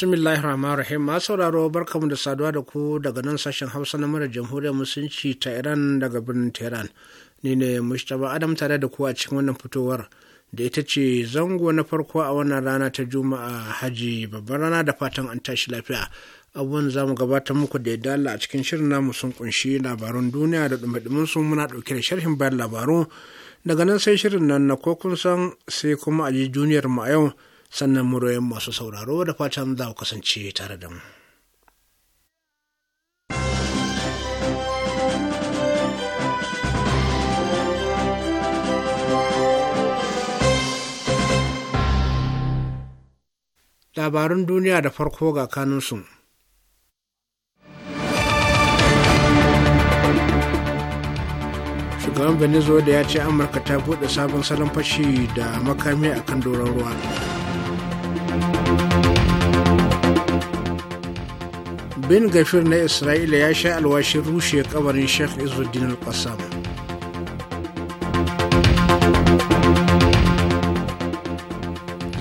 bismillahir rahmanir rahim ma sauraro barkamu da saduwa da ku daga nan sashen hausa na mara jamhuriyar musulunci ta iran daga birnin tehran ni ne mustapha adam tare da ku a cikin wannan fitowar da ita ce zango na farko a wannan rana ta juma'a haji babban rana da fatan an tashi lafiya abubuwan za mu gabatar muku da yadda a cikin shirin namu sun kunshi labarun duniya da dumadumin su muna dauke da sharhin bayan labaru daga nan sai shirin nan na ko kun san sai kuma a ji duniyar mu a yau sannan muryoyin masu sauraro da fatan za ku kasance tare da mu. Labarun duniya da farko ga kanunsu. Shugaban Venezuela ya ce Amurka ta buɗe sabon salon fashi da makami akan doron ruwa. bin gafir na isra'ila ya sha alwashin rushe kabarin sheikh izuddin al-qassam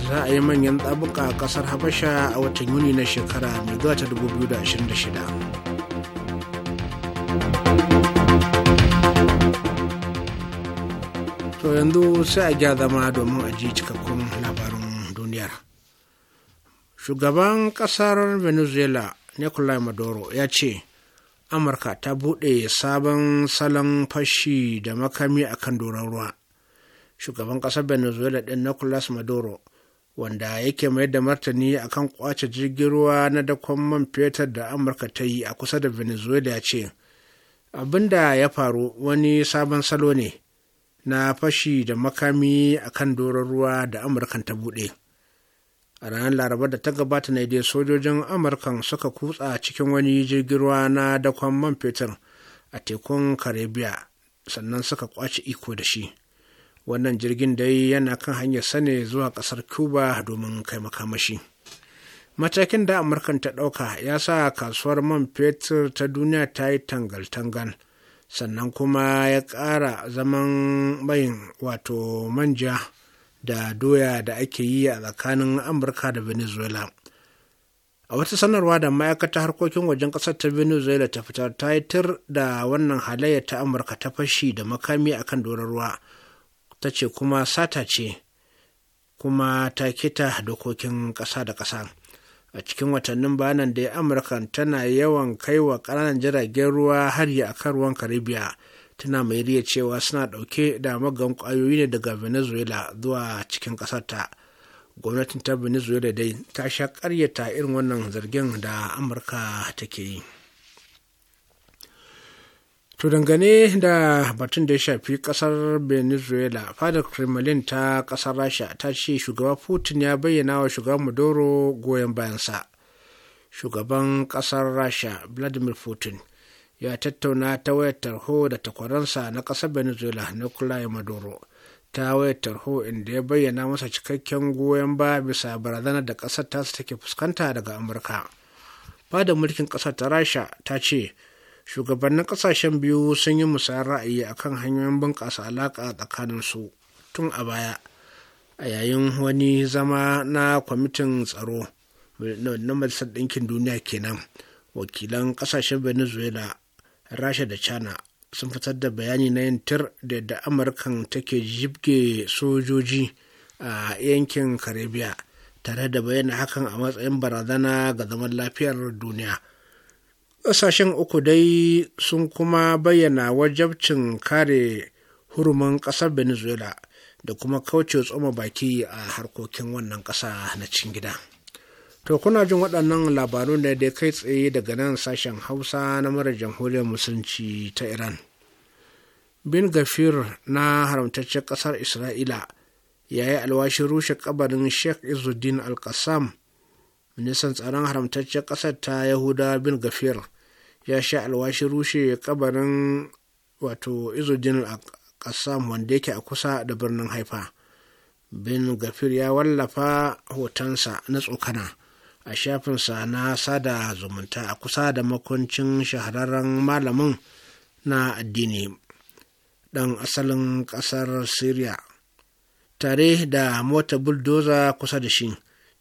za a yi manyan tsabuka a kasar habasha a watan yuni na shekara mai zuwa ta 2026 to yanzu sai a gya zama domin a ji cikakkun labarin duniyar shugaban kasar venezuela Nikolai maduro ya ce amurka ta buɗe sabon salon fashi da makami a kan doron ruwa shugaban ƙasar venezuela ɗin nicolas maduro wanda yake mai da martani akan ƙwace jirgin ruwa na dakon man fetur da amurka ta yi a kusa da venezuela ya ce abin da ya faru wani sabon salo ne na fashi da makami akan doron ruwa da amurkan ta buɗe a ranar larabar da ta gabata ne dai sojojin amurkan suka kutsa cikin wani jirgin ruwa na dakon man fetur a tekun karibiya sannan suka kwace iko da shi wannan jirgin dai yana kan hanyar sane zuwa kasar cuba domin kai makamashi matakin da amurkan ta ɗauka ya sa kasuwar man fetur ta duniya ta yi tangal-tangal sannan kuma ya ƙara zaman mayin wato manja da doya da ake yi a tsakanin amurka da venezuela a wata sanarwa da ma'aikatar harkokin wajen ƙasar ta venezuela ta fitar ta yi tir da wannan halayya ta amurka ta fashi da makami akan doron ruwa ta ce kuma sata ce kuma ta kita dokokin ƙasa da ƙasa a cikin watannin bayanan da ya amurka tana yawan kaiwa ƙananan jiragen ruwa hari a karuwan ruwan karibiya tana mai riya cewa suna ɗauke da magan ƙwayoyi ne daga venezuela zuwa cikin ƙasarta gwamnatin ta venezuela dai ta sha ƙaryata irin wannan zargin da amurka take yi to dangane da batun da ya shafi kasar venezuela fadar kremlin ta kasar rasha ta ce shugaba putin ya bayyana wa shugaban maduro goyon bayansa shugaban kasar rasha vladimir putin ya tattauna ta wayar tarho da takwaransa na ƙasar venezuela nicolai maduro ta wayar tarho inda ya bayyana masa cikakken goyon babisa bisa barazanar da ƙasar tasu take fuskanta daga amurka Ba da mulkin ƙasar ta rasha ta ce shugabannin ƙasashen biyu sun yi musayar ra'ayi akan hanyoyin bunƙasa alaƙa tsakanin su tun a baya a yayin wani zama na kwamitin tsaro na majalisar ɗinkin duniya kenan wakilan ƙasashen venezuela rasha da china sun fitar da bayani na yin tir da yadda amurkan take jibge sojoji a yankin Karibiya tare da bayyana hakan a matsayin barazana ga zaman lafiyar duniya ƙasashen uku dai sun kuma bayyana wajabcin kare hurumin ƙasar venezuela da kuma kauce tsoma baki a harkokin wannan ƙasa na cikin gida. To kuna jin waɗannan labaru ne da kai tsaye daga nan sashen Hausa na mara jamhuriyar musulunci ta Iran. Bin Gafir na haramtaccen ƙasar Isra'ila ya yi alwashin rushe kabarin Sheikh Izuddin Al-Qassam, ministan tsaron haramtaccen ƙasar ta Yahuda Bin Gafir ya sha alwashin rushe ƙabarin wato Izuddin Al-Qassam wanda yake a kusa da birnin Haifa. Bin Gafir ya wallafa hotonsa na tsokana. a shafinsa na sada zumunta a kusa da makoncin shahararren malamin na addini ɗan asalin ƙasar syria tare da mota buldoza kusa da shi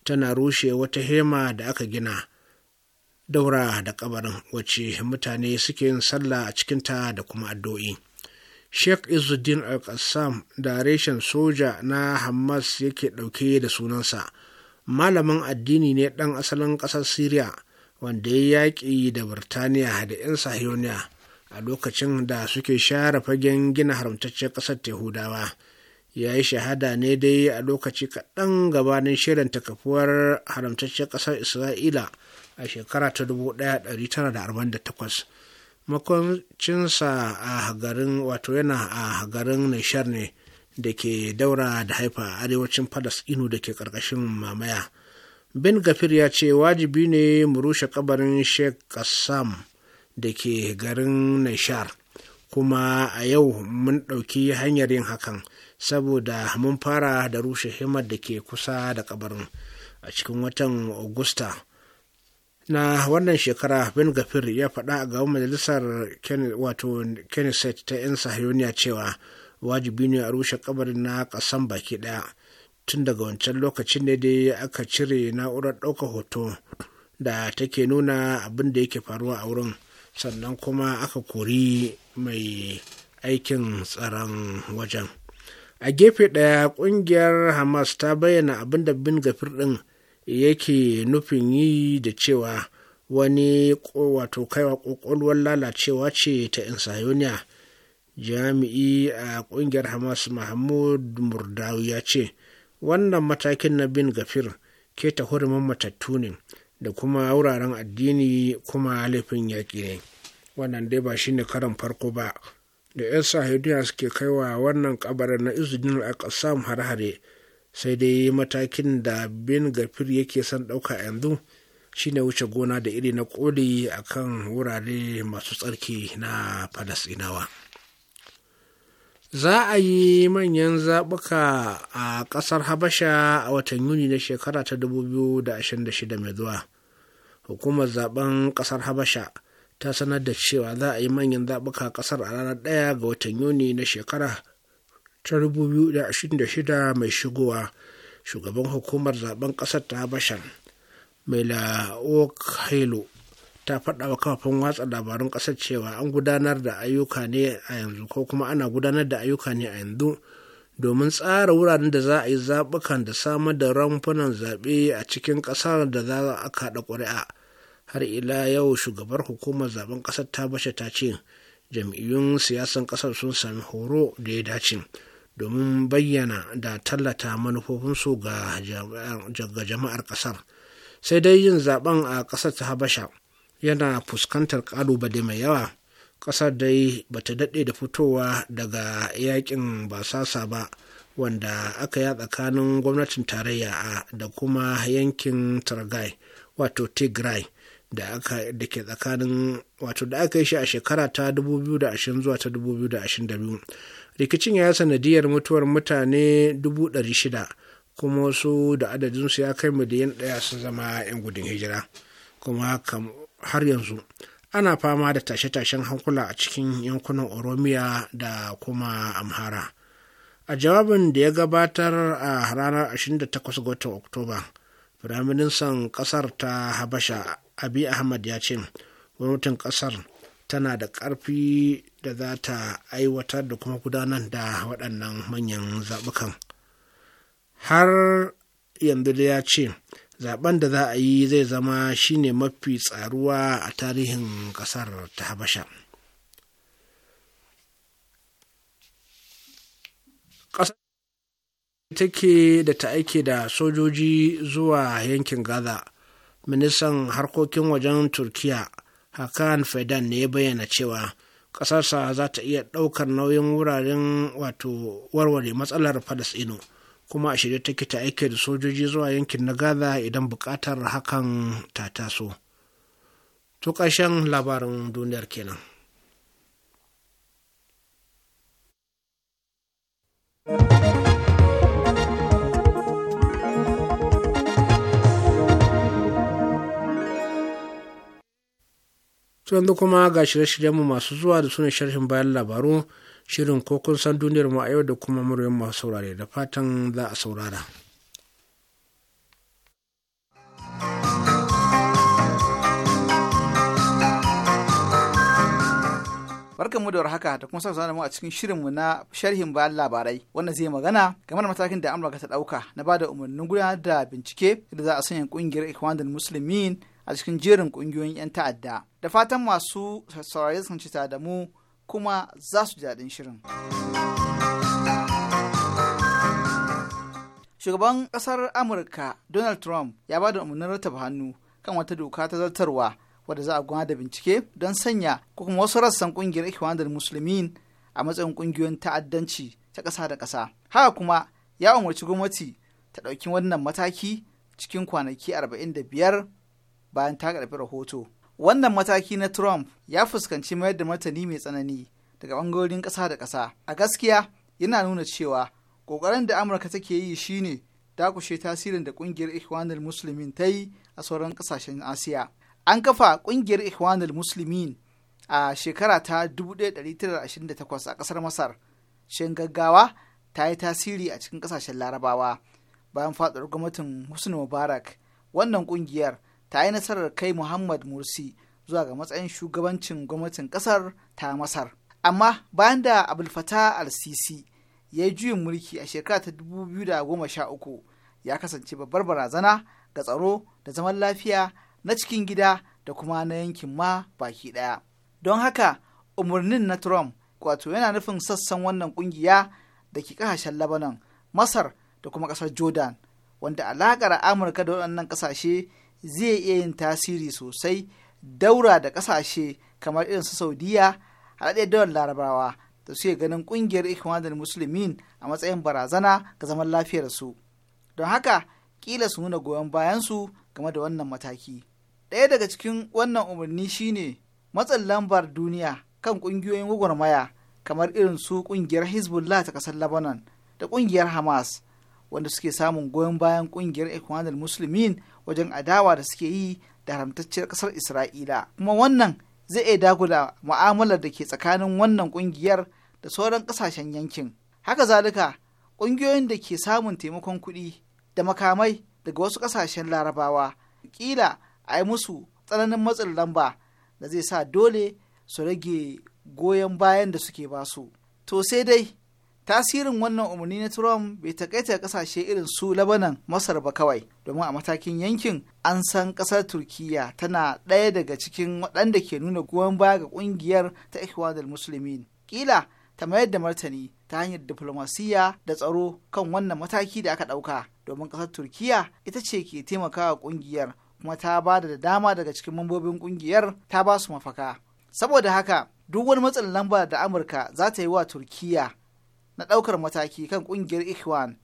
tana rushe wata hema da aka gina daura da kabarin wacce mutane suke yin sallah a cikinta da kuma addu'o'i sheikh izuddin al-qassam da reshen soja na hamas yake ɗauke da sunansa malamin addini ne ɗan asalin ƙasar Siriya wanda ya yaƙi da Birtaniya da 'yan Sahiyoniya a lokacin da suke share fagen gina haramtaccen ƙasar Tehudawa, Ya yi shahada ne dai a lokaci kaɗan gabanin shirin takafuwar haramtaccen ƙasar Isra'ila a shekara ta 1948. Makoncinsa a garin wato yana a garin Nishar ne. da ke daura da haifa arewacin inu da ke ƙarƙashin mamaya bin gafir ya ce wajibi ne mu rushe kabarin sheikh kassam da ke garin nishar kuma a yau mun ɗauki hanyar yin hakan saboda mun fara da rushe himar da ke kusa da kabarin a cikin watan augusta na wannan shekara bin gafir ya faɗa a gaban majalisar wato ta 'yan sahiyoniya cewa wajibi ne a rushe kabarin na kasan baki daya tun daga wancan lokacin ne dai aka cire na'urar ɗaukar hoto da take nuna abin da yake faruwa a wurin sannan kuma aka kori mai aikin tsaron wajen a gefe ɗaya ƙungiyar hamas ta bayyana abin da bin gafir ɗin yake nufin yi da cewa wani wato kaiwa ƙwaƙwalwar lalacewa ce ta insayoniya jami'i a kungiyar hamas mahmud murdawi ya ce wannan matakin na bin gafir keta hurumin matattu ne da kuma wuraren addini kuma laifin yaƙi ne wannan dai ba shine karan farko ba da 'yan sahidiyya suke kaiwa wannan kabarin na izudin al-qassam hare-hare sai dai matakin da bin gafir yake son ɗauka yanzu shine wuce gona da iri na koli akan wurare masu tsarki na falasinawa. za a yi manyan zaɓuka a ƙasar habasha a watan yuni na shekara ta 2026 mai zuwa hukumar zaben ƙasar habasha ta sanar da cewa za a yi manyan zaɓuka a ƙasar a ranar ɗaya ga watan yuni na shekara ta 2026 mai shigowa shugaban hukumar zaben ƙasar ta habasha mai la'ok ta faɗa wa kafafen watsa labarun ƙasar cewa an gudanar da ayyuka ne a yanzu ko kuma ana gudanar da ayyuka ne a yanzu domin tsara wuraren da za a yi zaɓukan da samar da ramfunan zaɓe a cikin ƙasar da za a kaɗa ƙuri'a har ila yau shugabar hukumar zaben ƙasar ta bashe ta ce jam'iyyun siyasan ƙasar sun sami horo da ya dace domin bayyana da tallata manufofinsu ga jama'ar ƙasar sai dai yin zaben a ƙasar ta habasha yana fuskantar kalubale mai yawa ƙasar dai ba ta daɗe da fitowa daga yakin basasa ba wanda aka yi tsakanin gwamnatin tarayya da kuma yankin targai wato tigray da aka da ke tsakanin wato da aka yi shi a shekara ta 2020 zuwa ta 2022 rikicin ya sanadiyar mutuwar mutane 600 kuma wasu da adadinsu ya kai miliyan ɗaya su zama 'yan gudun hijira kuma har yanzu ana fama da tashe-tashen hankula a cikin yankunan oromiya da kuma amhara a jawabin da ya gabatar a ranar 28 ga watan oktoba firaministan kasar ta habasha abi ahmad ya ce gwamnatin kasar tana da ƙarfi da za ta aiwatar da kuma gudanar da waɗannan manyan zaɓukan har yanzu da ya ce zaben da za a yi zai zama shine mafi tsaruwa a tarihin kasar ta habasha take da ta aike da sojoji zuwa yankin gaza ministan harkokin wajen turkiya hakan fedan ne ya bayyana cewa ƙasarsa za ta iya ɗaukar nauyin wuraren wato warware matsalar falasɗinu. kuma a shirye take ta aike da sojoji zuwa yankin na gaza idan buƙatar hakan ta taso to ƙarshen labarin duniyar kenan yanzu kuma ga shirye-shiryenmu masu zuwa da suna sharhin bayan labaru shirin ko kun san duniyar mu a yau da kuma muryar masu saurare da fatan za a saurara. barkan mu da warhaka da kuma sauran mu a cikin shirin mu na sharhin bayan labarai wanda zai magana game da matakin da amurka ta dauka na bada umarnin gudanar da bincike da za a sanya kungiyar ikwanul muslimin a cikin jerin kungiyoyin yan ta'adda da fatan masu saurare sun ci da mu kuma za su ji daɗin shirin. Shugaban ƙasar Amurka Donald Trump ya ba da umarnin rattaba hannu kan wata doka ta zartarwa wadda za a gwana da bincike don sanya ko kuma wasu rassan ƙungiyar Ikhwanul Musulmin a matsayin ƙungiyoyin ta'addanci ta ƙasa da ƙasa. Haka kuma ya umarci gwamnati ta ɗauki wannan mataki cikin kwanaki arba'in da biyar bayan ta karɓi rahoto. wannan mataki na trump ya fuskanci mayar da martani mai tsanani daga bangarorin ƙasa da ƙasa a gaskiya yana nuna cewa ƙoƙarin da amurka take yi shine dakushe tasirin da ƙungiyar ikhwanul muslimin ta yi a sauran ƙasashen asiya an kafa ƙungiyar ikhwanul muslimin a shekara ta 1928 a ƙasar masar shin gaggawa ta yi tasiri a cikin ƙasashen larabawa bayan faɗuwar gwamnatin husni mubarak wannan ƙungiyar ta yi nasarar kai Muhammad morsi zuwa ga matsayin shugabancin gwamnatin kasar ta Masar. Amma bayan da Abdul Fattah al-Sisi ya yi juyin mulki a shekara ta 2013 ya kasance babbar barazana ga tsaro da zaman lafiya na cikin gida da kuma na yankin ma baki daya. Don haka umarnin na Trump wato yana nufin sassan wannan kungiya da ke kasashen Lebanon, Masar da kuma kasar Jordan, wanda alaƙar Amurka da waɗannan ƙasashe zai iya yin tasiri sosai daura da ƙasashe kamar irin su saudiya haɗaɗɗiyar daular larabawa da suke ganin ƙungiyar ikhwanul musulmin a matsayin barazana ga zaman lafiyar su, don haka ƙila su nuna goyon bayansu game da wannan mataki ɗaya daga cikin wannan umarni shine matsin lambar duniya kan ƙungiyoyin gwagwarmaya kamar irin su ƙungiyar hezbollah ta ƙasar lebanon da ƙungiyar hamas wanda suke samun goyon bayan kungiyar ikhwanul muslimin wajen adawa da suke yi da haramtacciyar kasar isra'ila kuma wannan zai iya dagula mu'amalar da ke tsakanin wannan kungiyar da sauran kasashen yankin haka zalika kungiyoyin da ke samun taimakon kuɗi da makamai daga wasu kasashen larabawa kila a yi musu tsananin matsin lamba da zai sa dole su rage goyon bayan da suke basu to sai dai tasirin wannan umarni na Trump bai takaita kasashe irin su Lebanon, Masar ba kawai, domin a matakin yankin an san kasar Turkiyya tana ɗaya daga cikin waɗanda ke nuna goyon baya ga ƙungiyar ta Ikhwanul Muslimin. Kila ta mayar da martani ta hanyar diflomasiyya da tsaro kan wannan mataki da aka ɗauka, domin kasar Turkiyya ita ce ke taimakawa ƙungiyar kuma ta ba da dama daga cikin mambobin ƙungiyar ta ba su mafaka. Saboda haka, duk wani matsin lamba da Amurka za ta yi wa Turkiyya na ɗaukar mataki kan ƙungiyar ikhwan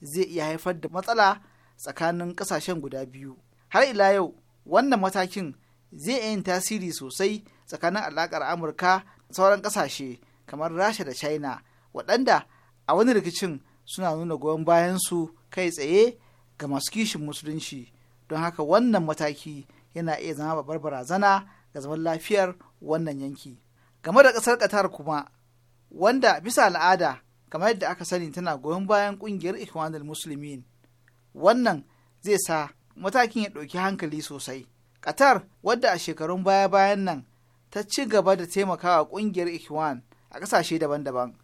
zai iya haifar da matsala tsakanin ƙasashen guda biyu har ila yau wannan matakin zai yin tasiri sosai tsakanin alaƙar amurka da sauran ƙasashe kamar rasha da china waɗanda a wani rikicin suna nuna goyon bayansu kai tsaye ga masu kishin musulunci don haka wannan mataki yana iya zama babbar barazana ga zaman lafiyar wannan yanki game da ƙasar qatar kuma wanda bisa al'ada kamar yadda aka sani tana goyon bayan ƙungiyar ikhwanul muslimin wannan zai sa matakin ya ɗauki hankali sosai qatar wadda a shekarun baya bayan nan ta ci gaba da taimakawa ƙungiyar ikhwan a ƙasashe daban-daban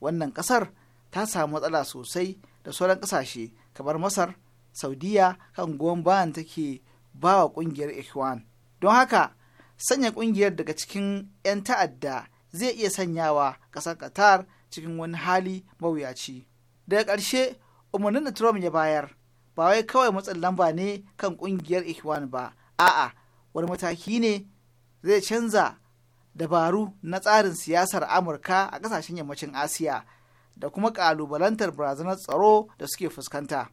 wannan ƙasar ta samu matsala sosai da sauran ƙasashe kamar masar saudiya kan goyon bayan take ba wa ƙungiyar ikhwan don haka sanya ƙungiyar daga cikin 'yan ta'adda zai iya sanyawa ƙasar qatar cikin wani hali mawuyaci daga ƙarshe umarnin da trump ya bayar ba wai kawai matsin lamba ne kan ƙungiyar ikhwan ba a'a wani mataki ne zai canza dabaru na tsarin siyasar amurka a ƙasashen yammacin asiya da kuma ƙalubalantar barazanar tsaro da suke fuskanta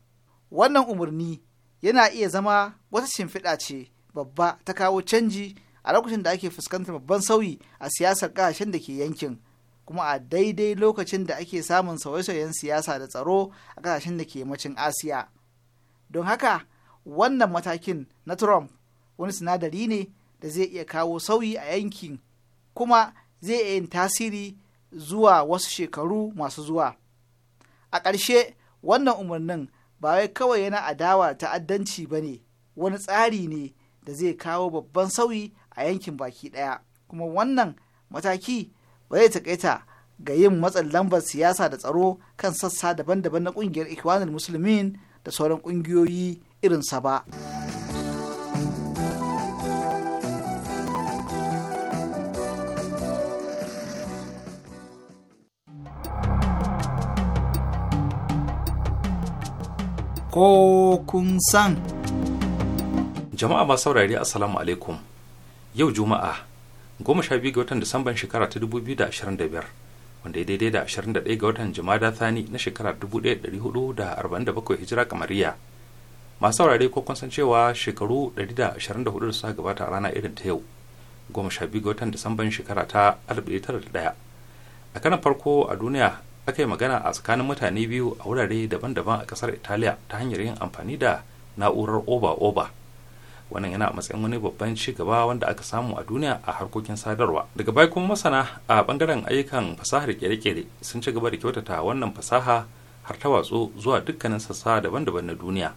wannan umarni yana iya zama wata shimfiɗa ce babba ta kawo canji a lokacin da ake fuskantar babban sauyi a siyasar ƙasashen da ke yankin kuma a daidai lokacin da ake samun sauye-sauyen siyasa da tsaro a ƙasashen da ke yammacin asiya don haka wannan matakin na trump wani sinadari ne da zai iya kawo sauyi a yankin kuma zai iya yin tasiri zuwa wasu shekaru masu zuwa a ƙarshe wannan umarnin ba wai kawai yana adawa ta'addanci ba ne wani tsari ne da zai kawo babban sauyi a yankin baki ɗaya kuma wannan mataki ba zai taƙaita ga yin matsin lambar siyasa da tsaro kan sassa daban-daban na ƙungiyar ikwanin musulmin da sauran ƙungiyoyi irinsa ba. Ko kun san. Jama'a masu saurari Assalamu alaikum. Yau Juma'a goma sha biyu ga watan disamban shekara ta dubu biyu da ashirin da biyar wanda ya daidai da ashirin da ɗaya ga watan jumada thani na shekara dubu ɗaya ɗari hudu da arba'in da bakwai hijira kamariya masu saurare ko kun san cewa shekaru ɗari da ashirin da hudu da suka gabata a rana irin ta yau goma sha biyu ga watan disamban shekara ta alif ɗaya tara da ɗaya a kanan farko a duniya aka yi magana a tsakanin mutane biyu a wurare daban-daban a ƙasar italiya ta hanyar yin amfani da na'urar oba-oba wannan yana matsayin wani babban ci gaba wanda aka samu a duniya a harkokin sadarwa daga baya kuma masana a bangaren ayyukan fasahar kere-kere sun ci gaba da kyautata wannan fasaha har ta watsu zuwa dukkanin sassa daban-daban na duniya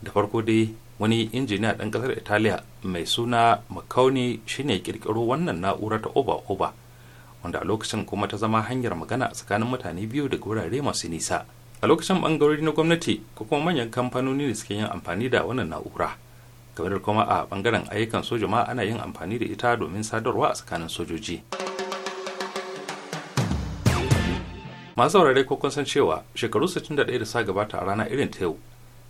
da farko dai wani injiniya ɗan ƙasar italiya mai suna makauni shine ƙirƙiro wannan na'ura ta oba oba wanda a lokacin kuma ta zama hanyar magana a tsakanin mutane biyu daga wurare masu nisa a lokacin bangarori na gwamnati ko kuma manyan kamfanoni da suke yin amfani da wannan na'ura kamar kuma a bangaren ayyukan soja ma ana yin amfani da ita domin sadarwa a tsakanin sojoji masu saurare ko kun san cewa shekaru 61 da sa gabata a rana irin ta yau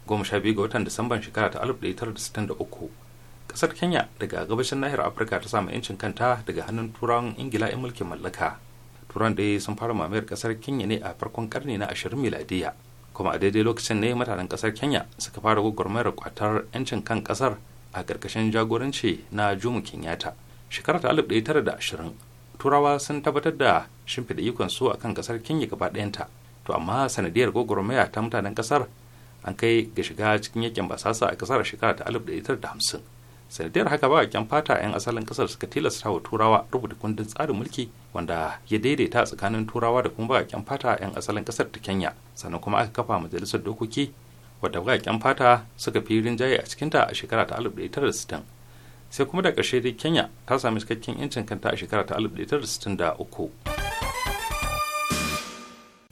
goma sha biyu ga watan disamban shekara ta 1963 kasar kenya daga gabashin nahiyar afirka ta samu yancin kanta daga hannun turawan ingila 'yan mulkin mallaka turan da sun fara mamayar kasar kenya ne a farkon karni na 20 miladiya kuma a daidai lokacin ne mutanen kasar kenya suka fara gwagwarmayar kwatar 'yancin kan kasar a karkashin jagoranci na jomo kenyatta shekarar ta 1920 turawa sun tabbatar da shimfiɗa ikon su a kan kasar kenya gaba ɗayanta to amma sanadiyar gwagwarmaya ta mutanen ƙasar an kai ga shiga cikin yakin basasa a ƙasar shekara ta 1950 sanadiyar haka kyan fata 'yan asalin kasar suka tilasta wa turawa rubuta kundin tsarin mulki wanda ya daidaita tsakanin turawa da kuma baƙaƙen fata 'yan asalin kasar ta kenya sannan kuma aka kafa majalisar dokoki wadda kyan fata suka fi rinjaye a cikinta a shekara ta 1960 sai kuma da ƙarshe dai kenya ta sami cikakken 'yancin kanta a shekara ta 1963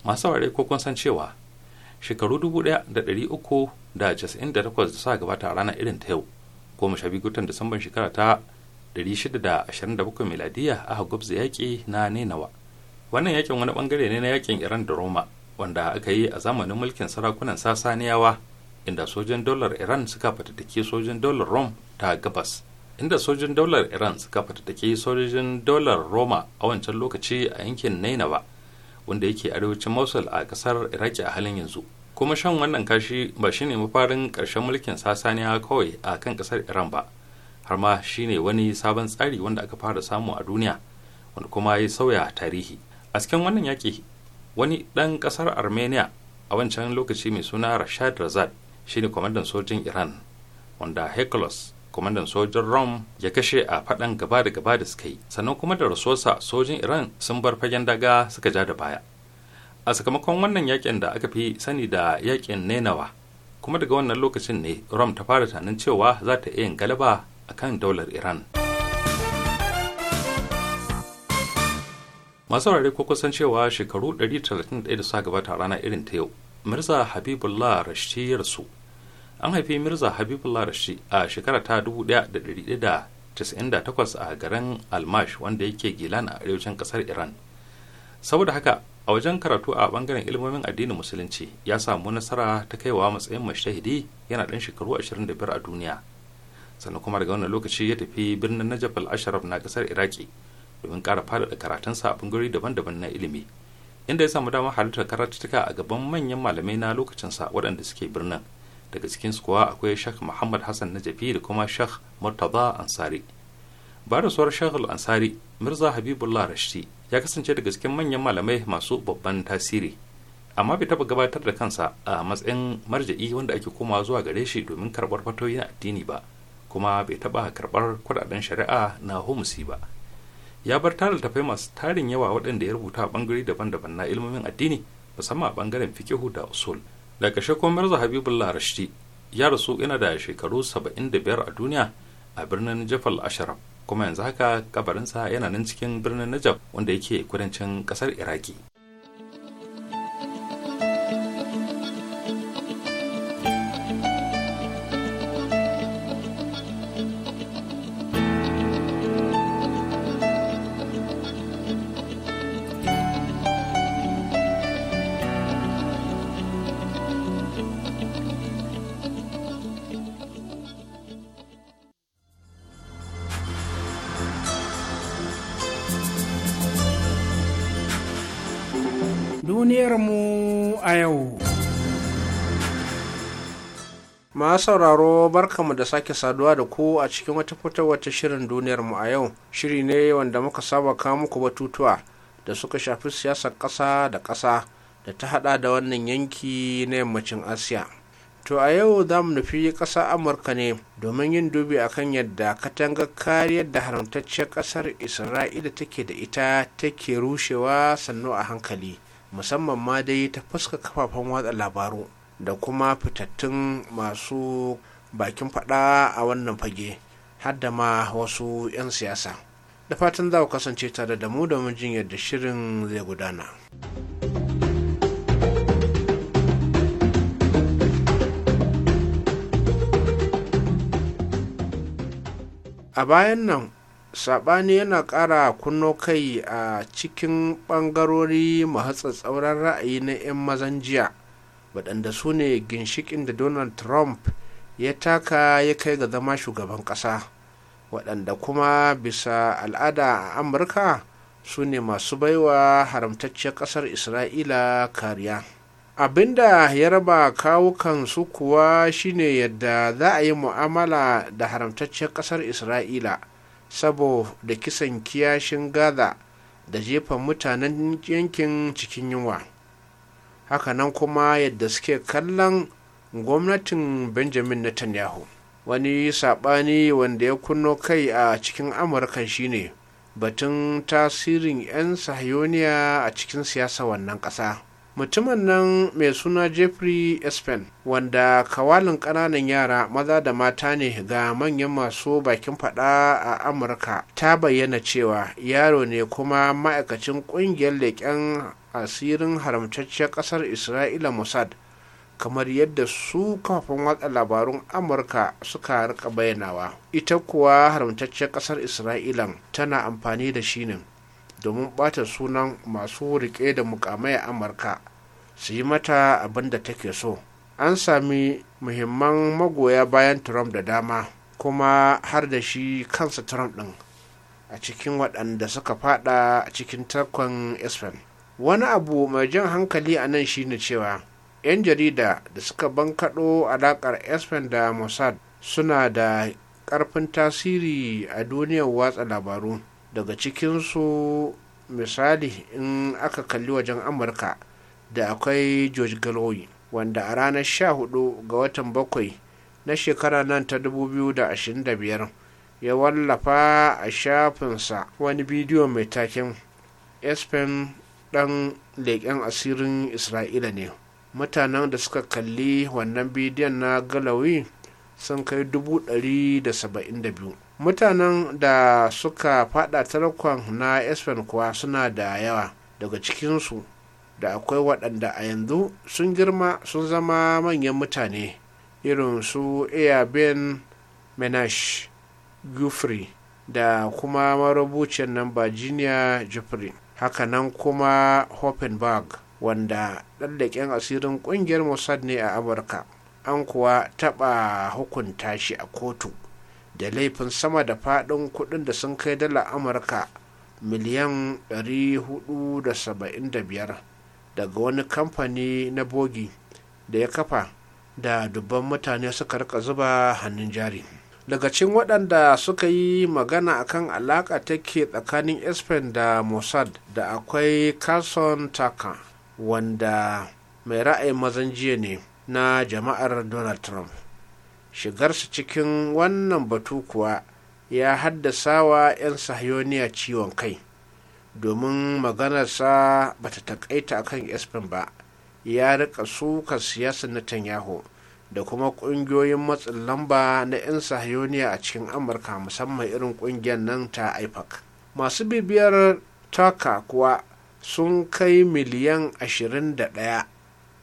masu ware ko kun san cewa shekaru 1398 da suka gabata a ranar irin ta yau goma sha biyu watan disamban shekara ta 627 miladiya aka gwabza yaƙi na nenawa wannan yakin wani bangare ne na yakin iran da roma wanda aka yi a zamanin mulkin sarakunan sasaniyawa inda sojin dolar iran suka fatattake sojin dolar rom ta gabas inda sojin dolar iran suka fatattake sojin dolar roma a wancan lokaci a yankin nainawa wanda yake arewacin mosul a kasar iraki a halin yanzu kuma shan wannan kashi ba shi ne mafarin ƙarshen mulkin sasaniya kawai a kan ƙasar iran ba har ma ne wani sabon tsari wanda aka fara samu a duniya wanda kuma ya sauya tarihi a cikin wannan yaƙi wani ɗan ƙasar armenia a wancan lokaci mai suna rashad razad ne kwamandan sojin iran wanda heklos kwamandan sojin rom ya kashe a faɗan gaba da gaba da suka yi sannan kuma da rasuwarsa sojin iran sun bar fagen daga suka ja da baya a sakamakon wannan yakin da aka fi sani da yakin nenawa kuma daga wannan lokacin ne rom ta fara tunanin cewa za ta iya yin galaba a kan daular iran masu rare ko kusan cewa shekaru 131 da suka gabata rana irin ta yau mirza habibullah rashti ya rasu an haifi mirza habibullah rashti a shekara ta 1998 a garin almash wanda yake gilan a arewacin kasar iran saboda haka a wajen karatu a bangaren ilimomin addinin musulunci ya samu nasara ta kaiwa matsayin mashahidi yana ɗan shekaru 25 a duniya sannan kuma daga wannan lokaci ya tafi birnin najaf al-asharaf na ƙasar iraki domin ƙara faɗaɗa karatunsa a bangarori daban-daban na ilimi inda ya samu damar halartar karatuttuka a gaban manyan malamai na lokacinsa waɗanda suke birnin daga cikin su kuwa akwai shak muhammad hassan najafi da kuma shak murtaza ansari ba da suwar shak al-ansari mirza habibullah rashidi ya kasance daga cikin manyan malamai masu babban tasiri amma bai taba gabatar da kansa a matsayin marja'i wanda ake komawa zuwa gare shi domin karbar fatoyin addini ba kuma bai taba karbar kudaden shari'a na humusi ba ya bar tarin tafai masu tarin yawa waɗanda ya rubuta a bangare daban-daban na ilmomin addini musamman a bangaren fikihu da usul da ƙarshe kuma mirza habibullah rashidi ya rasu yana da shekaru saba'in da biyar a duniya a birnin jafal ashraf kuma yanzu haka kabarinsa yana nan cikin birnin najaf wanda yake kudancin kasar iraki a yau. Masu sauraro barkamu da sake saduwa da ku a cikin wata fitar wata shirin mu a yau. Shiri ne wanda muka saba kawo muku batutuwa da suka shafi siyasar ƙasa da ƙasa da ta hada da wannan yanki na yammacin Asiya. To a yau za mu nufi ƙasa Amurka ne domin yin dubi akan yadda katangar kariyar da haramtacciyar ƙasar Isra'ila take da ita take rushewa sannu a hankali. musamman ma dai ta fuska kafafen watsa labaru da kuma fitattun masu bakin fada a wannan fage hadda ma wasu 'yan siyasa da fatan za ku kasance tare da mu da jin yadda shirin zai gudana. a bayan nan Sabani yana ƙara kunno kai a cikin ɓangarori tsauran ra'ayi na 'yan mazan jiya waɗanda su ne ginshikin da donald trump ya taka ya kai ga zama shugaban ƙasa waɗanda kuma bisa al'ada a amurka su ne masu baiwa haramtacciyar ƙasar isra'ila kariya abinda ya raba kawukan su kuwa shine yadda za a yi mu'amala da haramtacciyar ƙasar isra'ila saboda kisan kiyashin gaza da jefa mutanen yankin cikin yunwa hakanan kuma yadda suke kallon gwamnatin benjamin netanyahu wani saɓani wanda ya kunno kai a cikin amurka shine batun tasirin 'yan sahiyoniya a cikin siyasa wannan ƙasa mutumin nan mai suna jeffrey espen wanda kawalin ƙananan yara maza da mata ne ga manyan masu bakin fada a amurka ta bayyana cewa yaro ne kuma ma'aikacin ƙungiyar leƙen asirin haramtacciyar ƙasar isra'ila mossad kamar yadda su kafin watsa labarun amurka suka rika bayyanawa ita kuwa haramtacciyar ƙasar isra'ilan tana amfani da shi ne domin ɓata sunan masu riƙe da mukamai amurka su yi mata abin da take so an sami muhimman magoya bayan trump da dama kuma har da shi kansa trump ɗin a cikin waɗanda suka fada a cikin takon espen wani abu mai jan hankali a nan shine cewa 'yan jarida da suka bankaɗo alaƙar espen da mossad suna da ƙarfin tasiri a duniyar watsa labaru daga cikinsu misali in aka kalli wajen amurka da akwai george galloway wanda a ranar 14 ga watan bakwai na shekara nan ta 2025 ya wallafa a shafinsa wani bidiyo mai taken espen dan leƙen asirin isra'ila ne mutanen da suka kalli wannan bidiyon na Galowi sun kai 172 mutanen da suka fada tarkon na espen kuwa suna da yawa daga cikinsu da akwai waɗanda a yanzu sun girma sun zama manyan mutane irin su ben menash gufri da kuma marubuciyar nan virginia jufri hakanan kuma hoppenberg wanda ɗallaken asirin ƙungiyar mossad ne a amurka an kuwa taɓa hukunta shi a kotu da laifin sama da faɗin kuɗin da sun kai dala amurka miliyan 475 daga wani kamfani na bogi da ya kafa da dubban mutane suka rika zuba hannun jari daga cikin waɗanda suka yi magana akan alaƙa take tsakanin espen da mossad da akwai carson taka wanda mai ra'ayin mazan jiya ne na jama'ar donald trump shigarsu cikin wannan batu kuwa ya haddasa wa 'yan sahiyoniya ciwon kai domin maganarsa ba ta takaita akan espin ba ya rika suka siyasa na Tanyaho da kuma ƙungiyoyin matsin lamba na 'yan sahiyoniya a cikin amurka musamman irin ƙungiyar nan ta ipac masu bibiyar taka kuwa sun kai miliyan 21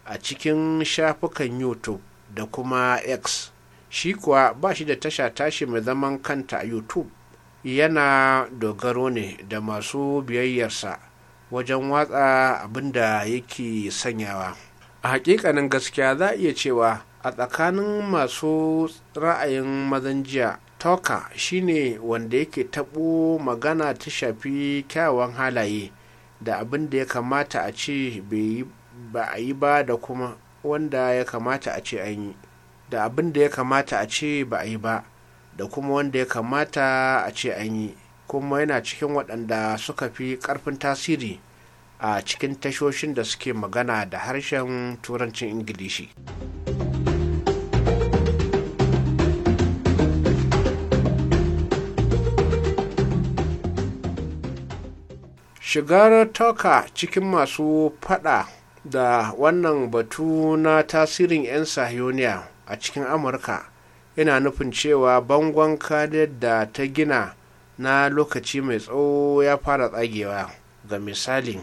a cikin shafukan youtube da kuma x shi kuwa ba shi da tasha tashi mai zaman kanta a youtube yana dogaro ne da masu biyayyarsa wajen watsa abin da yake sanyawa a hakikanin gaskiya za a iya cewa a tsakanin masu ra'ayin mazan jiya toka shine wanda yake taɓo magana ta shafi kyawawan halaye da abin da ya kamata a ce ba a yi ba da kuma wanda ya kamata a ce an yi da abin da ya kamata a ce ba a yi ba da kuma wanda ya kamata a ce an yi kuma yana cikin waɗanda suka fi ƙarfin tasiri a cikin tashoshin da suke magana da harshen turancin ingilishi shigar toka cikin masu fada da wannan batu na tasirin 'yan sahiyoniya a cikin amurka yana nufin cewa bangon kariyar da ta gina na lokaci mai tsawo ya fara tsagewa ga misali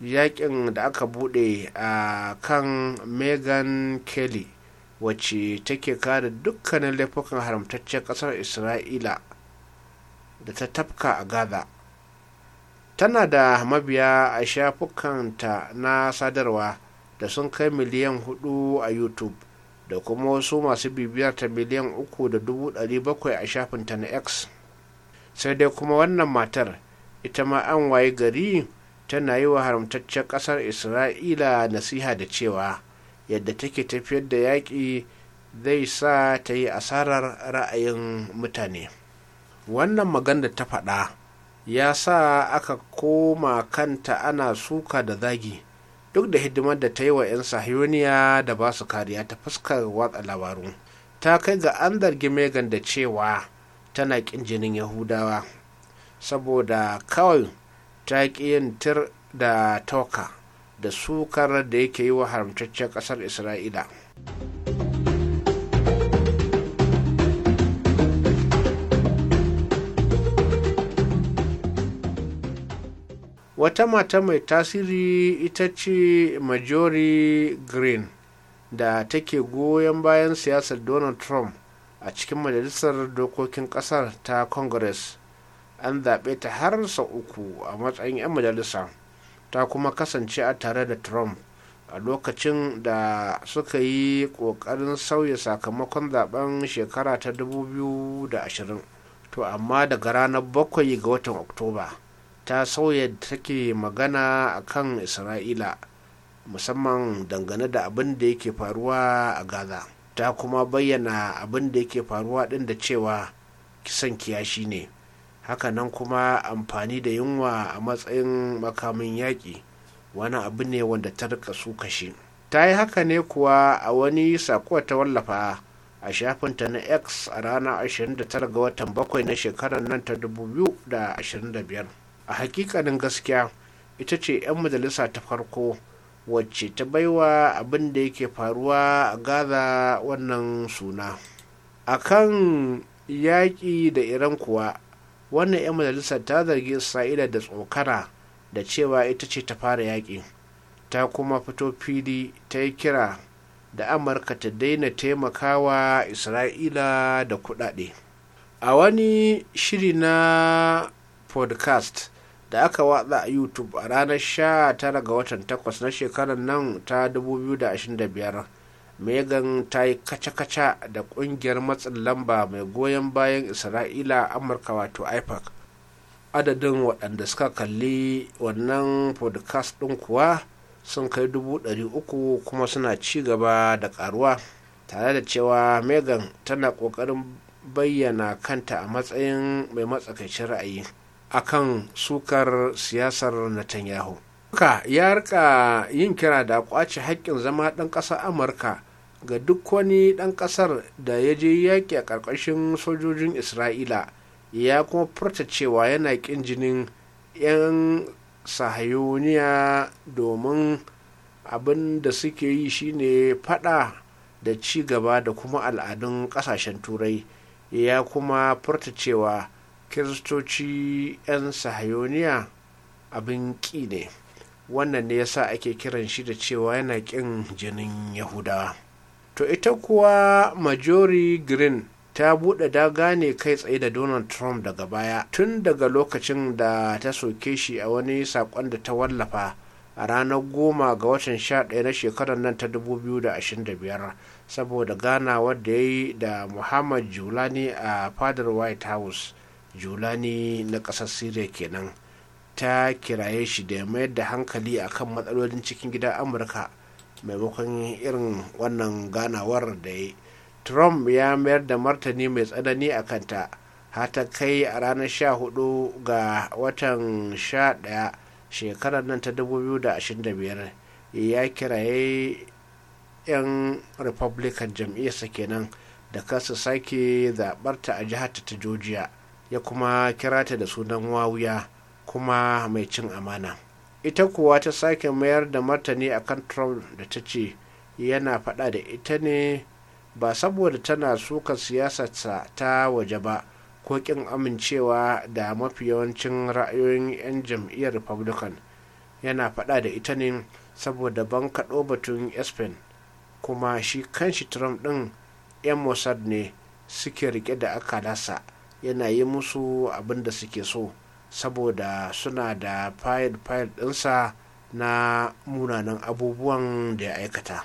yakin da aka bude a kan megan kelly wacce take kare dukkanin laifukan haramtaccen kasar isra'ila da ta tafka a gaza tana da mabiya a shafukanta na sadarwa da sun kai miliyan hudu a youtube da kuma wasu masu bibiyar ta miliyan uku da dubu ɗari bakwai a shafinta na x sai dai kuma wannan matar ita ma an waye gari tana yi wa haramtaccen ƙasar isra'ila nasiha da cewa yadda take tafiyar da yaƙi zai sa ta yi asarar ra'ayin mutane wannan maganda ta faɗa ya sa aka koma kanta ana suka da zagi duk da hidimar da ta yi wa 'yan sahiyoniya da ba su kariya ta fuskar watsa labaru ta kai ga an zargi megan da cewa tana ƙinjinin jinin yahudawa saboda kawai ta ƙi yin tir da toka da sukar da yake yi wa haramtaccen ƙasar isra'ila wata mata mai tasiri ita ce majori green da take goyon bayan siyasar donald trump a cikin majalisar dokokin kasar ta congress an zaɓe ta har sau uku a matsayin 'yan majalisa ta kuma kasance a tare da trump a lokacin da suka yi ƙoƙarin sauya sakamakon zaben shekara ta 2020 to amma daga ranar bakwai ga watan oktoba ta sauya take magana a kan isra'ila musamman dangane da abin da yake faruwa a gaza ta kuma bayyana abin da yake faruwa din da cewa kisan kiyashi ne hakanan kuma amfani da yunwa a matsayin makamin yaƙi wani abu ne wanda ta rika su kashe ta yi haka ne kuwa a wani sako ta wallafa a shafinta na x a ranar 29 ga watan 7 na shekarar nan ta 2025 a hakikanin gaskiya ita ce 'yan majalisa ta farko wacce ta baiwa abin da yake faruwa a gaza wannan suna a kan yaƙi da iran kuwa wannan 'yan Majalisa ta zargi isra'ila da tsokara da cewa ita ce ta fara yaƙi ta kuma fito fili ta yi kira da amurka ta daina taimakawa isra'ila da kuɗaɗe a wani shiri na podcast da aka watsa a youtube a ranar 19 ga watan 8 na shekarar nan ta 2025 megan ta yi kaca-kaca da kungiyar matsin lamba mai goyon bayan isra'ila amurka wato ipac adadin waɗanda suka kalli wannan podcast ɗin kuwa sun kai dubu ɗari uku kuma suna ci gaba da ƙaruwa tare da cewa megan tana ƙoƙarin bayyana kanta a matsayin mai matsakaicin ra'ayi akan sukar siyasar netanyahu Ka ya rika yin kira da kwace haƙƙin zama ɗan ƙasa amurka ga duk wani ɗan ƙasar da ya je yaƙi a ƙarƙashin sojojin isra'ila ya kuma furta cewa yana ƙin jinin 'yan sahayoniya domin abin da suke yi shine faɗa da ci gaba da kuma al'adun ƙasashen turai ya kuma furta cewa kiristoci 'yan sahayoniya abin ƙi ne wannan ne yasa ake kiran shi da cewa yana ƙin jinin yahudawa to ita kuwa majori green ta buɗe daga ne kai tsaye da donald trump daga baya tun daga lokacin da ta soke shi a wani saƙon da ta wallafa a ranar goma ga watan sha ɗaya na shekarar nan ta 2025 saboda ganawar wadda ya yi da muhammad julani a fadar white house julani na ƙasar syria kenan ta kiraye shi da mayar da hankali akan matsalolin cikin gida amurka maimakon irin wannan ganawar da ya trump ya mayar da martani mai tsanani a kanta hata kai a ranar 14 ga watan 11 shekarar nan ta 2025 ya kiraye 'yan republican jam'iyyarsa kenan da kasu sake zaɓarta a jihar ta georgia ya kuma kira ta da sunan wawuya kuma mai cin amana ita kuwa ta sake mayar da martani a kan trump da ta ce yana faɗa da ita ne ba saboda tana suka siyasarsa ta waje ba ko ƙin amincewa da mafi yawancin ra'ayoyin 'yan jam'iyyar republican yana faɗa da ita ne saboda ban kaɗo batun espen kuma shi kanshi trump ɗin 'yan mossad ne suke rike da aka akalasa yana yi musu abin da suke so saboda suna da fayil-fayil ɗinsa na munanan abubuwan da ya aikata.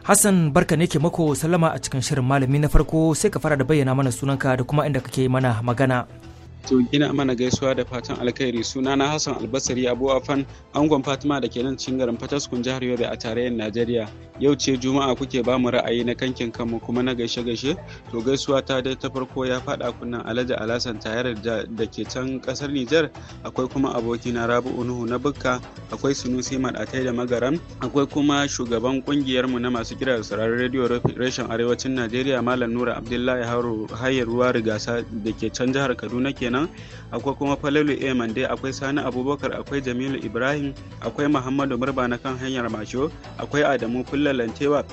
Hassan barka ne ke mako salama a cikin shirin malami na farko sai ka fara da bayyana mana sunanka da kuma inda kake mana magana. to gina mana gaisuwa da fatan alkhairi suna na Hassan Albasari Abu Afan angon Fatima da ke nan cikin garin Fataskun jihar Yobe a tarayyar Najeriya yau ce Juma'a kuke ba mu ra'ayi na kankin kanmu kuma na gaishe gaishe to gaisuwa ta dai ta farko ya faɗa kunnan Alhaji Alasan tayar da ke can kasar Nijar akwai kuma abokina rabu Nuhu na Bukka akwai Sunusi Madatai da Magaran akwai kuma shugaban kungiyar mu na masu kira da sauraron rediyo reshen arewacin Najeriya Malam Nura Abdullahi Hayar Ruwa Rigasa da ke can jihar Kaduna ke kenan akwai kuma falalu a mande akwai sani abubakar akwai jamilu ibrahim akwai muhammadu murba na kan hanyar masho akwai adamu kullalantewa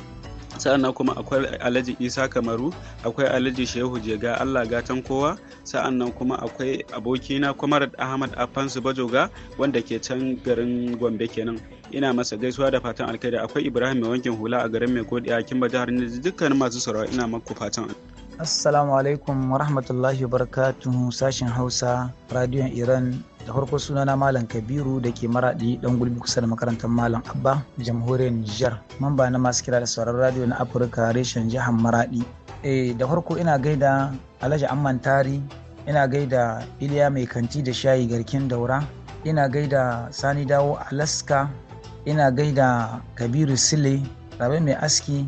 sa'annan kuma akwai alhaji isa kamaru akwai alhaji shehu jega allah gatan kowa sa'annan kuma akwai abokina kwamar ahmad afansu bajoga wanda ke can garin gombe kenan ina masa gaisuwa da fatan alkaida akwai ibrahim mai wankin hula a garin mai godiya kimba jihar ne dukkanin masu sauraro ina maku fatan alkaida Assalamu alaikum wa rahmatullahi wa barakatuhu sashen Hausa radiyon Iran da farko sunana Malam Kabiru da ke maraɗi ɗan gulbi kusa da makarantar Malam Abba jamhuriyar Nijar mamba na masu kira da sauran radiyo na Afirka reshen jihar maraɗi. Eh da farko ina gaida Alhaji Amman Tari ina gaida Iliya Mai Kanti da Shayi Garkin Daura ina gaida Sani Dawo Alaska ina gaida Kabiru Sile Rabe Mai Aski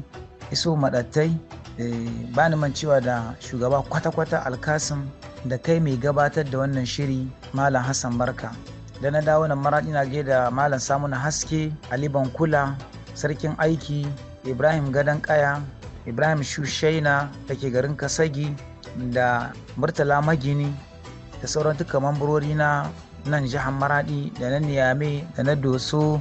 Iso Maɗattai Eh, ba ni cewa da shugaba kwata-kwata alkasim da kai mai gabatar da wannan shiri malam hassan barka da na dawo nan maraɗi na gaida malam samuna haske ali bankula sarkin aiki ibrahim gadon kaya ibrahim shushaina da ke garin kasagi da murtala magini da sauran duka mambarori na nan jihar Maraɗi, da na niyame da na doso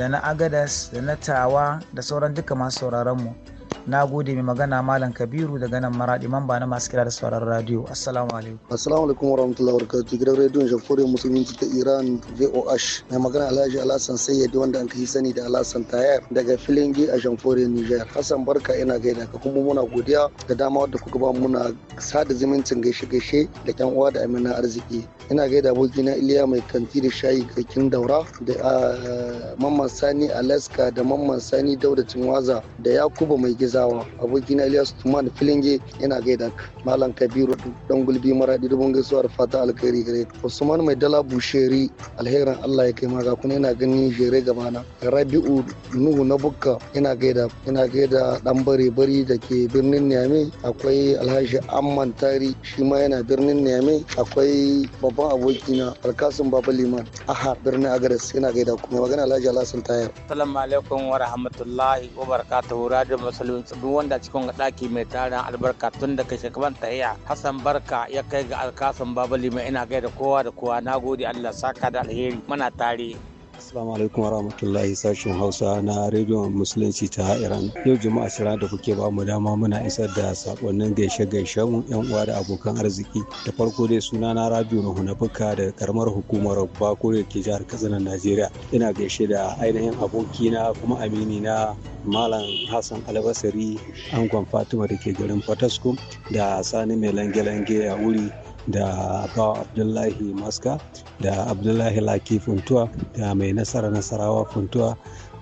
da na agadas da na tawa da sauran duka masu sauraronmu mu na gode mai magana malam kabiru daga nan maradi mamba na masu kira da sauran radio assalamu alaikum assalamu alaikum wa barakatuh gidan rediyon jamhuriyar musulunci ta iran voh mai magana alhaji alhassan sayyadi wanda an kai sani da alhassan tayar daga filingi a jamhuriyar niger hassan barka ina gaida ka kuma muna godiya da dama wadda kuka ba muna sada zumuncin gaishe gaishe da yan uwa da amina arziki ina gaida aboki na iliya mai kanti da shayi kakin daura da ah, mamman sani alaska da mamman sani dauda waza da yakuba mai giza dawa abokina Ilyas Tuman Filinge yana gaida Malam Kabiru dan gulbi maradi dubun gaisuwar fata alkhairi gare Usman Mai Dala Busheri alherin Allah ya kai ga kuna yana gani jere gabana Rabiu Nuhu na Bukka yana gaida yana gaida dan bare bari dake birnin Niamey akwai Alhaji Amman Tari shi ma yana birnin Niamey akwai babban abokina Alkasim Baba Liman aha birnin Agares yana gaida kuma magana Alhaji Alhassan Tayar Assalamu alaikum wa rahmatullahi wa barakatuhu radio tsuntsu wanda cikin ɗaki mai tarin albarka tun daga shekaban tahiya hassan barka ya kai ga alkasan babali mai ina gaida kowa da kowa na gode allah saka da alheri muna tare Assalamu alaikum warahmatullahi sashen Hausa na rediyon Musulunci ta Iran. Yau juma'a shirar da kuke ba mu dama muna isar da sakonnin gaishe gaishe mu yan uwa da abokan arziki. Da farko dai suna na Rabiu na Hunafuka da karamar hukumar Bako da ke jihar Katsina Najeriya. Ina gaishe da ainihin aboki na kuma amini na Malam Hassan Albasari Angon Fatima da ke garin Fataskum da Sani Mai Lange-Lange a wuri da ba abdullahi maska da abdullahi laki funtuwa da mai nasara nasarawa funtuwa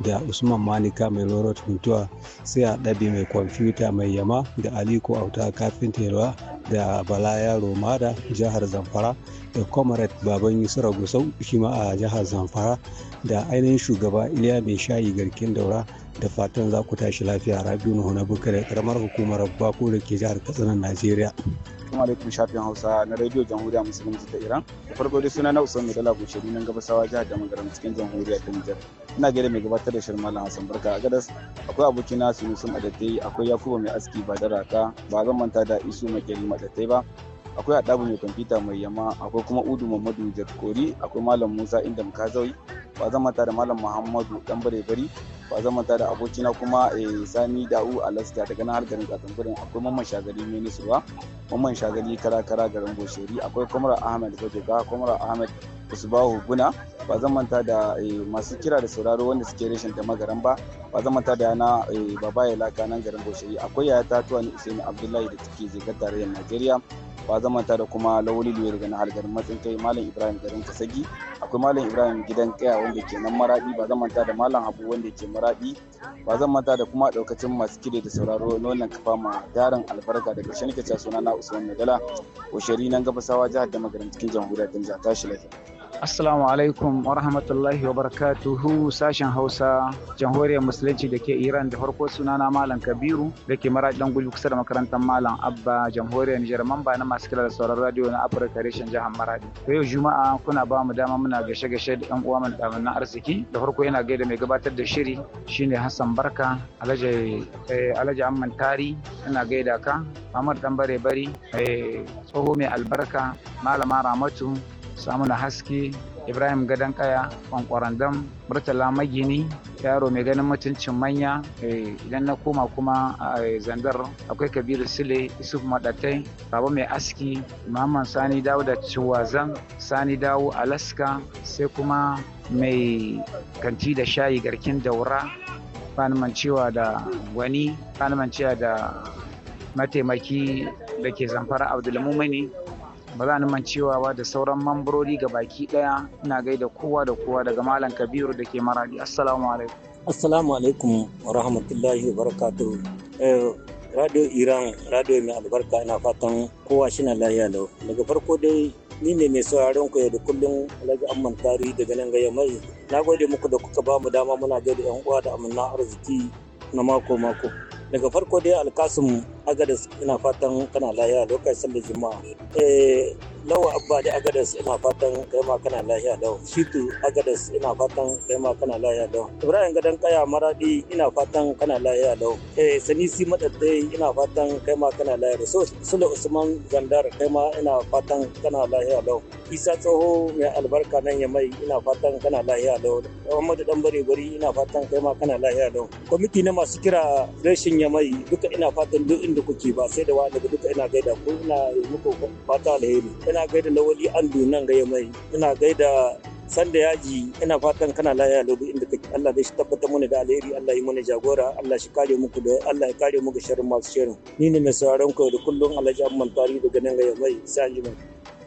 da usman manika mai lorot funtuwa sai a ɗabi mai kwamfuta mai yama da aliko auta kafin telwa da bala yaro mada jihar zamfara da comrade baban yusra gusau shi ma a jihar zamfara da ainihin shugaba iliya mai shayi garkin daura da fatan za ku tashi lafiya rabiu na na da karamar hukumar bako da ke jihar katsina najeriya assalamu alaikum shafin hausa na radio jamhuriya musulunci ta iran da farko dai suna na usman mai dala bushari nan gabasawa jihar da magaram cikin jamhuriya ta nijar ina gaida mai gabatar da shirin malam hassan barka a gadas akwai abokina sun adatai akwai yakuba mai aski ba da raka ba zan manta da isu makeri madatai ba akwai adabu mai kwamfuta mai yama akwai kuma udu mamadu jakori akwai malam musa inda zauyi ba zan manta da malam muhammadu dan bare bari ba zan manta da abokina kuma eh, sani da'u alaska daga nan har garin katsangurin akwai mamman shagali nisuwa mamman shagali kara kara garin goshori akwai kwamra ahmed bajoga kwamra ahmed usbahu guna ba zan manta da eh, masu kira da sauraro wanda suke reshen da magaran ba ba zan manta da yana eh, baba ya laka nan garin goshori akwai yaya tatuwa ni usaini abdullahi da take zigar tarayyar najeriya ba zamanta da kuma lawali luwe daga nahar garin matsin kai malam ibrahim garin kasagi akwai malam ibrahim gidan kaya wanda ke nan maradi ba zamanta da malam habu wanda ke maradi ba zamanta da kuma daukacin masu kide da sauraro nonon kafa ma darin albarka daga ƙarshe nake cewa sunana usman ko oshari nan gabasawa jihar da magarin cikin jamhuriyar ta tashi lafiya Assalamu alaikum wa rahmatullahi wa barakatuhu sashen Hausa jamhuriyar musulunci da ke Iran da farko sunana Malam Kabiru da ke dan gudu kusa da makarantar Malam Abba jamhuriyar Nijar mamba na masu kira da sauran radio na Afirka reshen jihar Maradi. To yau Juma'a kuna ba mu dama muna gashe gashe da ƴan uwa mun da na arziki da farko yana gaida mai gabatar da shiri shine Hassan Barka Alhaji eh, Alhaji Amman Tari ina gaida ka Ahmad Dan Bare Bari eh, tsoho mai albarka Malama Ramatu samuna haske ibrahim gadon kaya kwankwaran dam murtala magini yaro mai ganin mutuncin manya eh, idan na koma kuma a eh, zandar akwai kabiru sule isuf madatai rabo mai aski muhammad sani dawo da ciwazan sani dawo alaska sai kuma mai kanti da shayi garkin daura cewa da gwani cewa da mataimaki da ke zamfara abdulmumini ba za ni cewa ba da sauran mambarori ga baki ɗaya ina gaida kowa da kowa daga malam kabiru da ke maradi assalamu alaikum assalamu alaikum wa rahmatullahi wa barakatuhu eh, radio iran radio mai albarka ina fatan kowa shi na lahiya lau daga farko dai ni ne mai sauraron ku da kullum alhaji amman tarihi daga nan gaya mai na gode muku da kuka ba mu dama muna gaida yan uwa da amina arziki na mako mako daga farko dai alkasum agadis ina fatan kana lahiya lokacin da juma'a eh, lawa abba da agadas ina fatan kai ma kana lahiya da shitu agadas ina fatan kai ma kana lahiya da ibrahim gadan kaya maradi ina fatan kana lahiya da eh sanisi madaddai ina fatan kai ma kana lahiya so sule usman gandar kai ma ina fatan kana lahiya da isa tsoho mai albarka nan ya mai ina fatan kana lahiya da muhammadu dan bare bari ina fatan kai ma kana lahiya da kwamiti na masu kira reshin ya mai duka ina fatan duk inda kuke ba sai da wani duka ina gaida ku ina yi muku fata alheri ina gaida lawali andu nan gaya mai ina gaida sanda yaji ina fatan kana lafiya lobi inda kake Allah zai tabbatar mana da alheri Allah yi mana jagora Allah shi kare muku da Allah ya kare muku sharrin masu sharrin ni ne mai sauraron ku da kullun Alhaji Amman Tari daga nan gaya mai sai an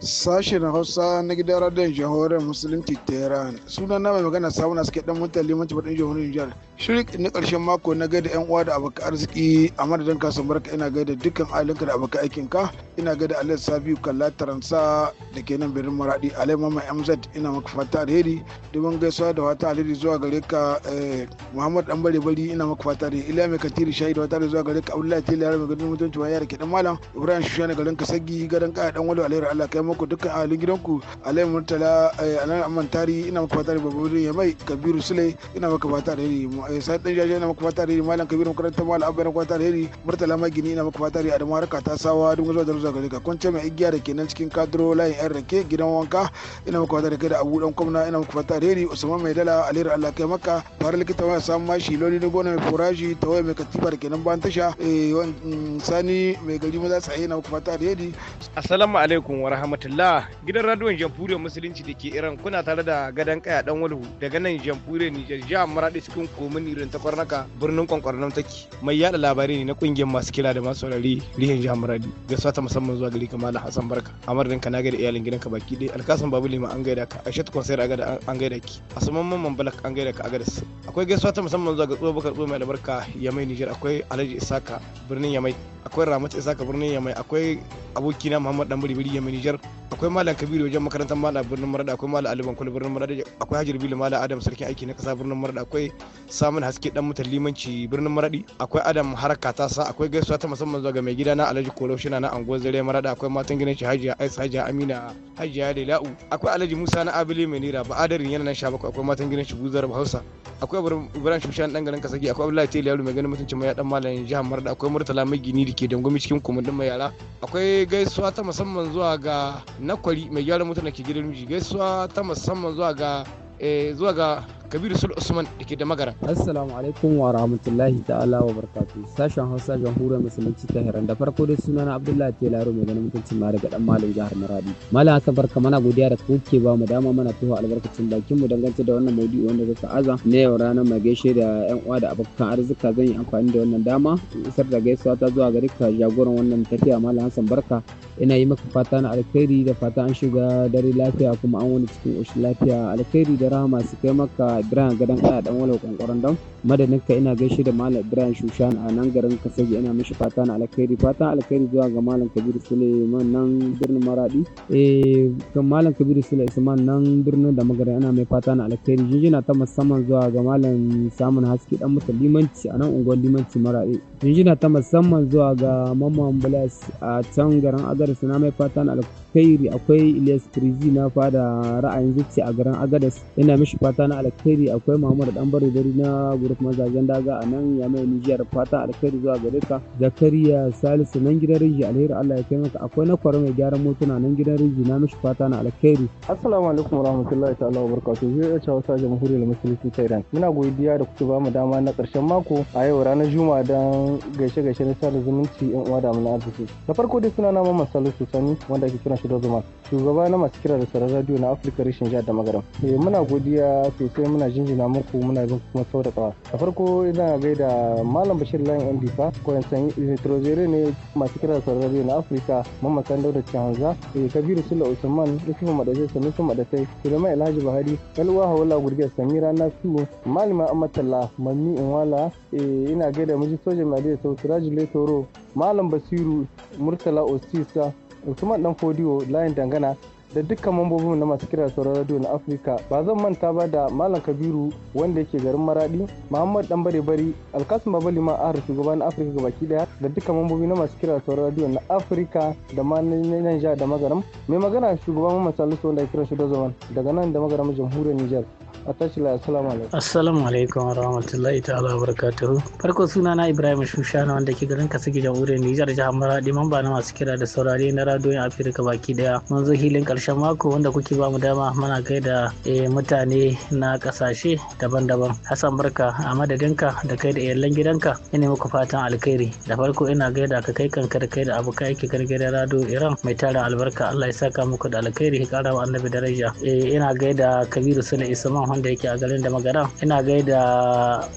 sashen hausa na gidan radon jihohin musulunci tehran suna na mai magana samun na suke dan mutan limanci baɗin jihohin jihar shirik na ƙarshen mako na gaida yan uwa da abokan arziki a madadin kasan barka ina gaida dukkan ahalinka da abokan aikinka ina gaida alhaji sabiu kalla taransa da ke nan birnin maradi alai mama mz ina maka fata alheri domin gaisuwa da wata alheri zuwa gare ka eh, muhammad dan bare bari ina maka fata alheri ila mai katiri shahi da wata alheri zuwa gare ka abdullahi tilayar mai gudun mutuncin wani yara ke dan malam ibrahim shushani garin kasagi garin kaya dan walo alheri allah kai muku dukkan ahalin gidanku alai murtala anan eh, amman tari ina muku fata da babban ya mai kabiru sule ina muku fata da yari yasa dan jaje ina muku fata da yari malam kabiru makarantar malam abu yana fata da yari murtala gini ina muku fata da yari adamu harka ta sawa don zuwa da zuwa gare ka kwance mai igiya da ke nan cikin kadro layin yan rake gidan wanka ina muku fata da kai da abu dan kwamna ina muku fata da yari usman mai dala alheri allah kai maka fara likita wani samun mashi loli na gona mai furaji ta waya mai katifa da ke nan ban tasha eh, mm, sani mai gari maza tsaye ina muku fata da yari assalamu alaikum wa rahmatullahi rahmatullah gidan radiyon jamhuriyar musulunci da ke iran kuna tare da gadon kaya dan walhu daga nan jamhuriyar nijar jihar maradi cikin komin irin ta kwarnaka birnin kwankwarnan take mai yada labarai ne na kungiyar masu kira da masu saurari rihin jihar maradi gaisuwa ta musamman zuwa gari kamala hassan barka a madadin ka na gaida iyalin gidanka baki ɗaya alkasan babu lima an gaida ka ta kwasai da an gaida ki saman mamman balak an gaida ka a gadas akwai gaisuwa ta musamman zuwa ga tsohon bakar tsohon mai albarka yamai nijar akwai alhaji isaka birnin yamai akwai ramat isaka birnin yamai akwai abokina muhammad dan biribiri yamai nijar akwai malam kabiru wajen makarantar malam birnin marada akwai malam aliban kwal birnin marada akwai hajar bilu malam adam sarkin aiki na kasa birnin marada akwai samun haske dan mutan limanci birnin maradi akwai adam haraka ta sa akwai gaisuwa ta musamman zuwa ga mai gida na alhaji kolo shina na anguwar zare marada akwai matan gina shi hajiya aisa hajiya amina hajiya lela'u akwai alhaji musa na abili mai nira ba adarin yana nan sha bakwai akwai matan gina shi buzar hausa akwai ibrahim shushan dan garin kasagi akwai abdullahi tele yaro mai ganin mutuncin mai dan malam jihar marada akwai murtala mai gini dake dangwami cikin kumudin mai yara akwai gaisuwa ta musamman zuwa ga na kwari mai gyaran mutane ke gidan miji gaisuwa ta musamman zuwa ga eh, zuwa ga kabiru sul usman da ke da magara assalamu alaikum wa rahmatullahi ta'ala wa barkatu sashen hausa jamhuriyar musulunci ta hiran da farko dai suna na abdullahi telaro mai ganin mutuncin ma daga dan malam jihar maradi malam hasan barka mana godiya da kuke ba mu dama mana tuhu albarkacin bakin mu dangance da wannan maudu'i wanda zaka aza na yau ranar mai gaishe da yan uwa da abokan arzika zan yi amfani da wannan dama isar da gaisuwa ta zuwa gari ka jagoran wannan tafiya malam hasan barka ina yi maka fata na alkhairi da fata an shiga dare lafiya kuma an wani cikin ƙoshin lafiya alkhairi da rahama su kai maka Ibrahim gadan ana dan wala kwankwaron dan madadin ka ina gaishe da Malam Ibrahim Shushan a nan garin Kasaji ina mishi fata na alkhairi fatan alkhairi zuwa ga Malam Kabiru Suleiman nan birnin Maradi eh kan Malam Kabiru Suleiman nan birnin da magana ana mai fata na alkhairi jinjina ta musamman zuwa ga Malam Samun Haske dan mutum limanci a nan unguwar limanci Maradi jinjina ta musamman zuwa ga Mamman Bulas a can garin Agadir suna mai fata na alkhairi alkhairi akwai Ilyas Kirji na fada ra'ayin zuci a garin Agadas ina mishi fata na alkhairi akwai Muhammad dan Dari na gurup mazajen daga a nan ya mai Nijiyar fata alkhairi zuwa gare ka Zakariya Salisu nan gidan Riji alheri Allah ya taimaka akwai na kwaro mai gyaran motuna nan gidan Riji na mishi fata na alkhairi Assalamu alaikum warahmatullahi ta'ala barakatu. zai iya cewa sa jamhuriyar musulunci ta Iran muna godiya da kuke bamu dama na karshen mako a yau ranar Juma'a dan gaishe gaishe na sada zumunci yan uwa da amana arziki na farko dai suna na Mamman Salisu Sani wanda ake kiran nashi dozuman shugaba na masu kira da sauran radio na afirka rashin jihar da magaram eh muna godiya sosai muna jinjina muku muna bin kuma sau da kawa da farko ina gaida malam bashir lan ndifa ko yansan nitrozere ne masu kira da sauran radio na afirka mamman sandau da chanza eh kabiru sula usman yusufu madadai sanusu madadai sulaiman alhaji buhari yalwa hawala gurgiyar samira nasu malima amatalla mami inwala eh ina gaida miji soja mai da sau siraji letoro malam basiru murtala osisa usman dan fodiyo layin dangana da dukkan mambobin na masu kira sauran radio na afirka ba zan manta ba da malam kabiru wanda yake garin maradi muhammad dan bare bari alkasim babali ma ahar shugaban na afirka gabaki daya da dukkan mambobi na masu kira sauran radio na afirka da ma nan da magaram mai magana shugaban mamman salisu wanda ya kira shi da zaman daga nan da magaram jamhuriyar niger a assalamu alaikum assalamu alaikum wa rahmatullahi ta'ala wa barakatuhu farko suna na ibrahim shushana wanda ke garin kasige jamhuriyar nijar jihar maradi mamba na masu kira da saurari na radiyon afirka baki daya mun zo hilin karshen mako wanda kuke ba mu dama mana gaida eh, mutane na kasashe daban-daban hassan barka a madadinka da kai da iyalan gidanka ina muku fatan alkhairi da farko ina gaida ka kai kanka da kai da abokai yake gargada rado iran mai tara albarka allah ya saka muku da alkhairi ya kara wa annabi daraja eh, ina gaida kabiru sule isman wanda yake a garin da magaran ina gaida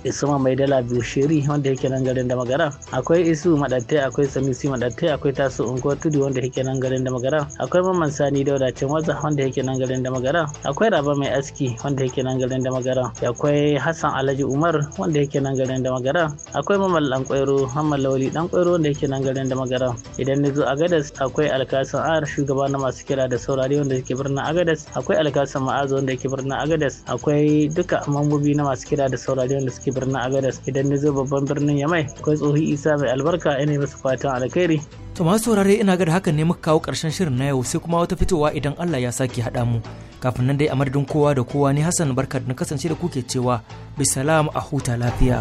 isuma mai dala shiri wanda yake nan garin da magaran akwai isu madattai akwai samisi madattai akwai tasu unguwa tudu wanda yake nan garin da magaran akwai mamman sani dauda waza. wanda yake nan garin da magaran akwai raba mai aski wanda yake nan garin da magaran akwai hassan alhaji umar wanda yake nan garin da magaran akwai mamman dan kwairo lauli lankwairo dan kwairo wanda yake nan garin da magaran idan na zo agadas akwai alkasan ar shugaba na masu kira da saurari wanda yake birnin agadas akwai alkasan ma'azo wanda yake birnin agadas akwai akwai duka mambobi na masu kira da saurari da suke birnin agadas idan na zo babban birnin yamai akwai tsohi isa mai albarka ina masu fatan alkhairi to masu saurari ina ga da hakan ne muka kawo karshen shirin na yau sai kuma wata fitowa idan allah ya sake haɗa mu kafin nan dai a madadin kowa da kowa ne hassan barka na kasance da kuke cewa bisalam a huta lafiya.